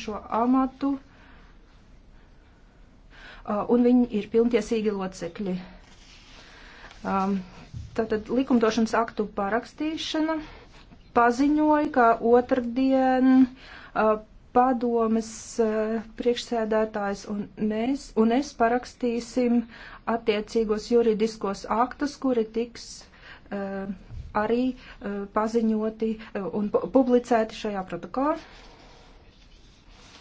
šo amatu, un viņi ir pilntiesīgi locekļi. Tātad likumdošanas aktu pārakstīšana paziņoja, ka otrdien padomes priekšsēdētājs un mēs un es parakstīsim attiecīgos juridiskos aktus, kuri tiks arī paziņoti un publicēti šajā protokolā.